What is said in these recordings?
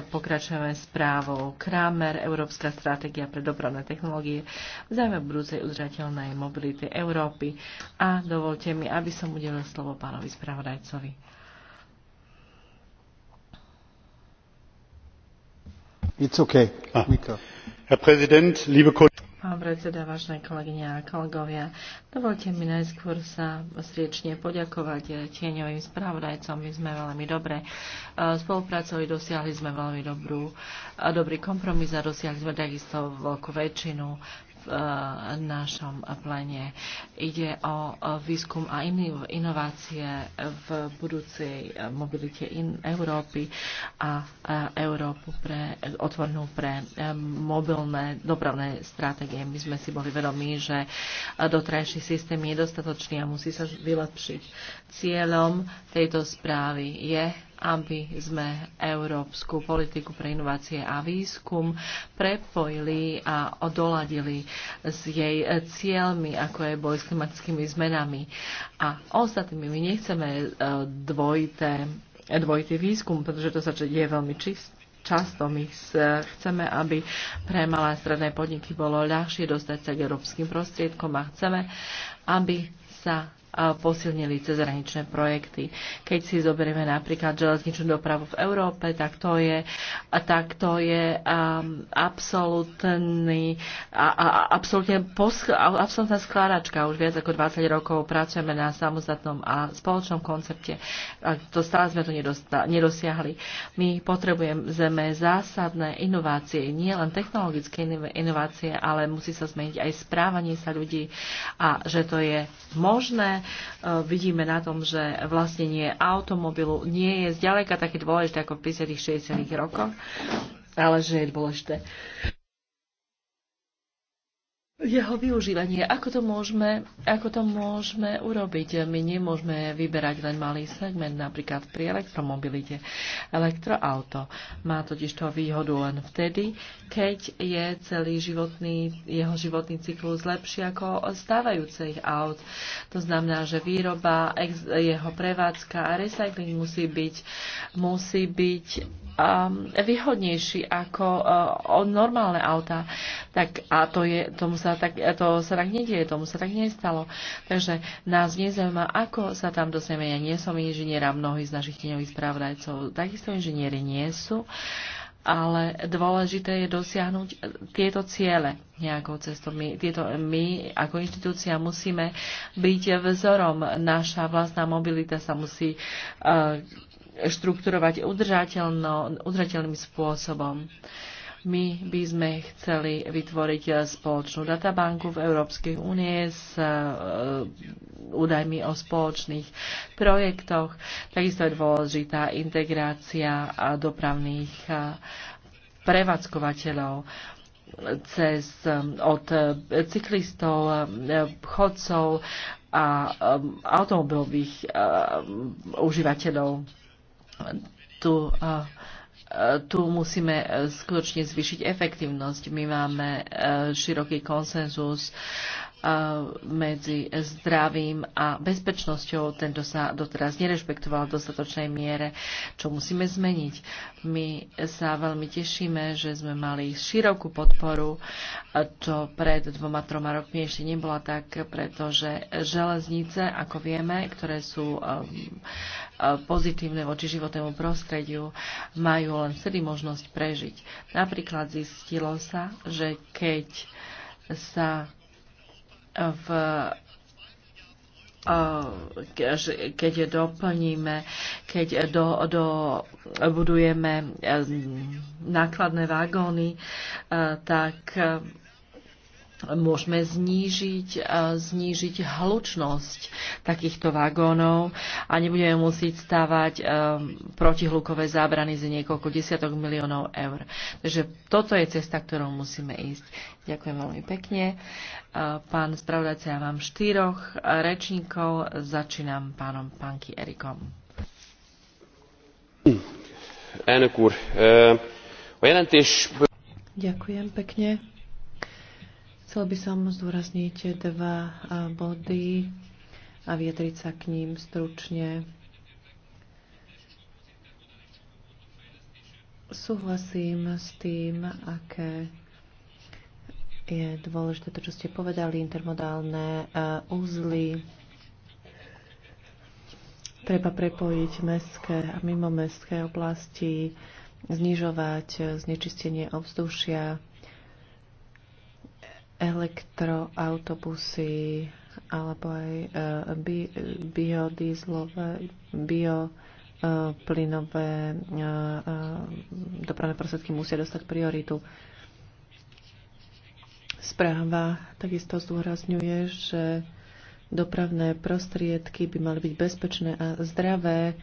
Pokračujeme správou Kramer, Európska stratégia pre dopravné technológie v zájme budúcej udržateľnej mobility Európy. A dovolte mi, aby som udelil slovo pánovi spravodajcovi. It's okay. Ah. Herr Präsident, liebe Kollegen! Pán predseda, vážne kolegyne a kolegovia, dovolte mi najskôr sa sriečne poďakovať eh, tieňovým spravodajcom. My sme veľmi dobre eh, spolupracovali, dosiahli sme veľmi dobrú, dobrý kompromis a dosiahli sme takisto veľkú väčšinu v eh, našom plene. Ide o výskum a inovácie v budúcej mobilite in Európy a eh, Európu pre, otvornú pre eh, mobilné dopravné stratégie. My sme si boli vedomí, že dotrajší systém je dostatočný a musí sa vylepšiť. Cieľom tejto správy je aby sme európsku politiku pre inovácie a výskum prepojili a odoladili s jej cieľmi, ako je boj s klimatickými zmenami. A ostatnými my nechceme e, dvojité, dvojitý výskum, pretože to sa deje veľmi čist, často my e, chceme, aby pre malé a stredné podniky bolo ľahšie dostať sa k európskym prostriedkom a chceme, aby sa posilnili cezhraničné projekty. Keď si zoberieme napríklad železničnú dopravu v Európe, tak to je, tak to je um, absolútny, a, a, absolútne posch, absolútna skládačka. Už viac ako 20 rokov pracujeme na samostatnom a spoločnom koncepte. A to stále sme to nedosta, nedosiahli. My potrebujeme zásadné inovácie, nie len technologické inovácie, ale musí sa zmeniť aj správanie sa ľudí a že to je možné Eh, vidíme na tom, že vlastnenie automobilu nie je zďaleka také dôležité ako v 50 60 rokoch, ale že je dôležité jeho využívanie. Ako to, môžeme, ako to môžeme urobiť? My nemôžeme vyberať len malý segment, napríklad pri elektromobilite. Elektroauto má totiž to výhodu len vtedy, keď je celý životný, jeho životný cyklus lepší ako stávajúcich aut. To znamená, že výroba, jeho prevádzka a recycling musí byť, musí byť um, výhodnejší ako uh, normálne auta. Tak, a to, je, tomu sa tak, to sa tak nedieje, tomu sa tak nestalo. Takže nás nezaujíma, ako sa tam dostaneme. Ja nie som inžiniera, mnohí z našich tieňových správdajcov takisto inžinieri nie sú. Ale dôležité je dosiahnuť tieto ciele nejakou cestou. My, tieto, my ako inštitúcia musíme byť vzorom. Naša vlastná mobilita sa musí uh, štrukturovať udržateľným spôsobom. My by sme chceli vytvoriť spoločnú databanku v Európskej únie s e, údajmi o spoločných projektoch. Takisto je dôležitá integrácia dopravných e, prevádzkovateľov cez, e, od cyklistov, chodcov a automobilových užívateľov tu, tu musíme e, skutočne zvýšiť efektívnosť. My máme e, široký konsenzus e, medzi zdravím a bezpečnosťou. Tento sa doteraz nerešpektoval v dostatočnej miere, čo musíme zmeniť. My sa veľmi tešíme, že sme mali širokú podporu, čo pred dvoma, troma rokmi ešte nebola tak, pretože železnice, ako vieme, ktoré sú pozitívne voči životnému prostrediu, majú len vtedy možnosť prežiť. Napríklad zistilo sa, že keď sa v e, keď doplníme, keď do, do budujeme e, nákladné vagóny, e, tak môžeme znížiť, znížiť hlučnosť takýchto vagónov a nebudeme musieť stavať e, protihlukové zábrany za niekoľko desiatok miliónov eur. Takže toto je cesta, ktorou musíme ísť. Ďakujem veľmi pekne. E, pán spravodajca, ja mám štyroch rečníkov. Začínam pánom Panky Erikom. E, Ďakujem pekne. Chcel by som zdôrazniť dva body a vyjadriť sa k ním stručne. Súhlasím s tým, aké je dôležité to, čo ste povedali, intermodálne úzly. E, Treba prepojiť mestské a mimomestské oblasti, znižovať znečistenie ovzdušia, elektroautobusy alebo aj e, bi, biodízlové, bioplynové e, e, dopravné prostriedky musia dostať prioritu. Správa takisto zdôrazňuje, že dopravné prostriedky by mali byť bezpečné a zdravé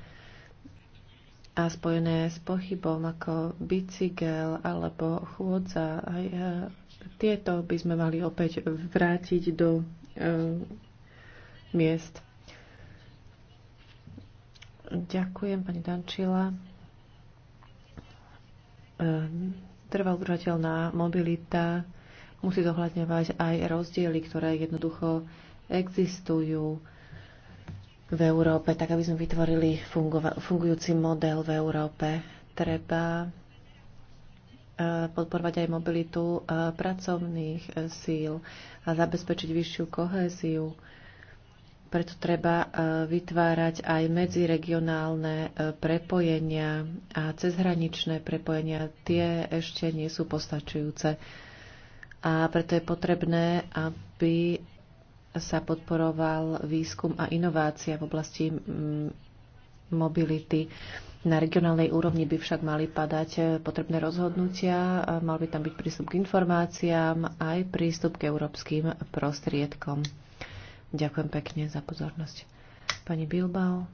a spojené s pochybom ako bicykel alebo chôdza. Aj e, tieto by sme mali opäť vrátiť do e, miest. Ďakujem, pani Dančila. E, trvá udržateľná mobilita musí zohľadňovať aj rozdiely, ktoré jednoducho existujú v Európe, tak aby sme vytvorili fungujúci model v Európe. Treba e, podporovať aj mobilitu e, pracovných e, síl a zabezpečiť vyššiu kohéziu. Preto treba vytvárať aj medziregionálne prepojenia a cezhraničné prepojenia. Tie ešte nie sú postačujúce. A preto je potrebné, aby sa podporoval výskum a inovácia v oblasti mm, mobility. Na regionálnej úrovni by však mali padať e, potrebné rozhodnutia, mal by tam byť prístup k informáciám, aj prístup k európskym prostriedkom. Ďakujem pekne za pozornosť. Pani Bilbao.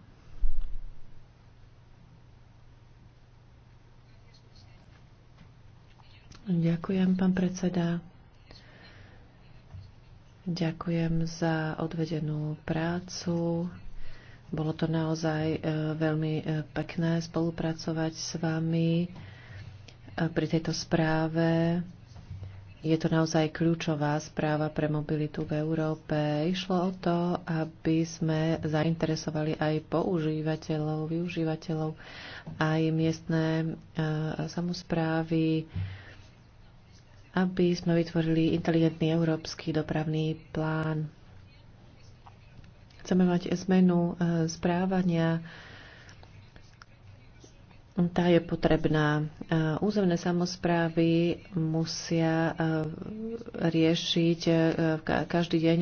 Ďakujem, pán predseda. Ďakujem za odvedenú prácu. Bolo to naozaj e, veľmi e, pekné spolupracovať s vami e, pri tejto správe. Je to naozaj kľúčová správa pre mobilitu v Európe. Išlo o to, aby sme zainteresovali aj používateľov, využívateľov, aj miestne samozprávy, aby sme vytvorili inteligentný európsky dopravný plán. Chceme mať zmenu e, správania. Tá je potrebná. E, územné samozprávy musia e, riešiť každý deň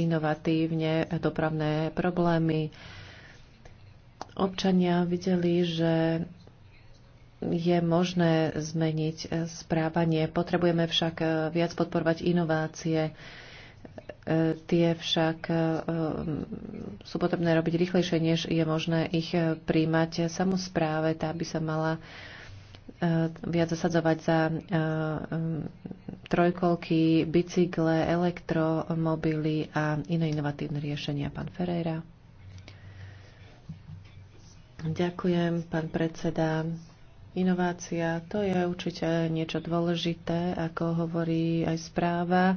inovatívne dopravné problémy občania videli, že je možné zmeniť eh, správanie. Potrebujeme však eh, viac podporovať inovácie. Eh, tie však mm, sú potrebné robiť rýchlejšie, než je možné ich príjmať. Samozpráve tá by sa mala viac zasadzovať za mm, trojkolky, bicykle, elektromobily a iné inovatívne riešenia. Pán Ferreira. Ďakujem, pán predseda. Inovácia to je určite niečo dôležité, ako hovorí aj správa, e,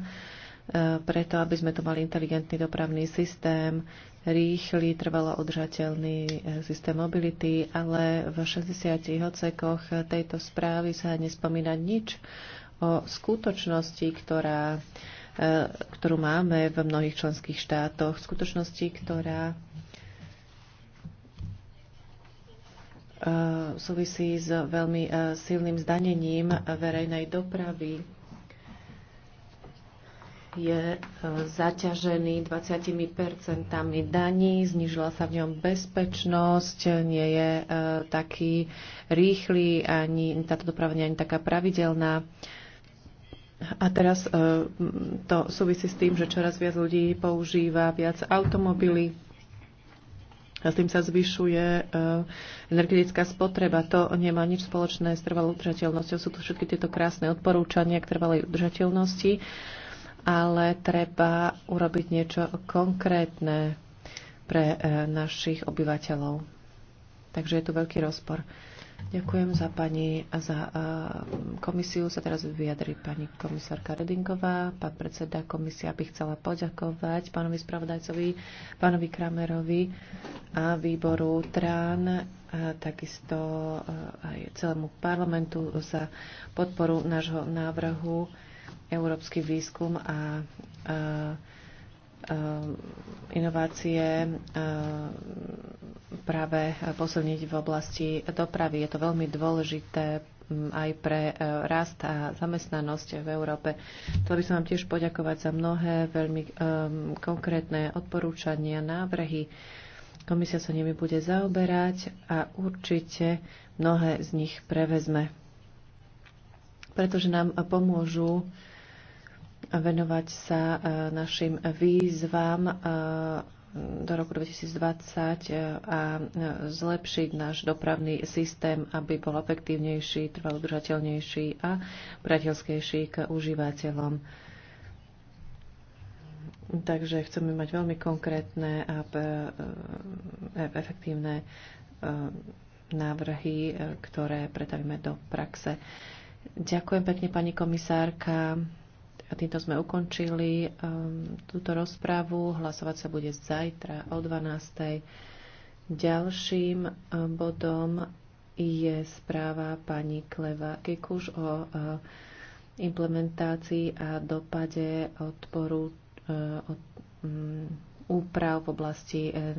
preto aby sme to mali inteligentný dopravný systém, rýchly, trvalo udržateľný e, systém mobility, ale v 60 odsekoch tejto správy sa nespomína nič o skutočnosti, ktorá, e, ktorú máme v mnohých členských štátoch, skutočnosti, ktorá E, súvisí s veľmi e, silným zdanením verejnej dopravy. Je e, zaťažený 20 daní, znižila sa v ňom bezpečnosť, nie je taký rýchly, ani táto doprava nie je ani taká pravidelná. A teraz to súvisí s tým, že čoraz viac ľudí používa viac automobily a s tým sa zvyšuje e, energetická spotreba. To nemá nič spoločné s trvalou udržateľnosťou. Sú tu všetky tieto krásne odporúčania k trvalej udržateľnosti, ale treba urobiť niečo konkrétne pre e, našich obyvateľov. Takže je tu veľký rozpor. Ďakujem za pani a za eh, komisiu. Sa teraz vyjadri pani komisárka Redingová. Pán predseda komisia by chcela poďakovať pánovi spravodajcovi, pánovi Kramerovi a výboru TRAN a eh, takisto eh, aj celému parlamentu za podporu nášho návrhu Európsky výskum a, a inovácie práve eh, posilniť v oblasti dopravy. Je to veľmi dôležité mm, aj pre eh, rast a zamestnanosť v Európe. Chcel by som vám tiež poďakovať za mnohé veľmi um, konkrétne odporúčania, návrhy. Komisia sa nimi bude zaoberať a určite mnohé z nich prevezme, pretože nám pomôžu venovať sa našim výzvam do roku 2020 e, a e, zlepšiť náš dopravný systém, aby bol efektívnejší, trvalo udržateľnejší a priateľskejší k užívateľom. Takže chceme mať veľmi konkrétne a e, efektívne návrhy, ktoré pretavíme do praxe. Ďakujem pekne, pani komisárka. A týmto sme ukončili um, túto rozpravu. Hlasovať sa bude zajtra o 12. Ďalším ehm, bodom je správa pani Kleva Kekuš o uh, implementácii a dopade odporu, uh, od, um, úprav v oblasti uh,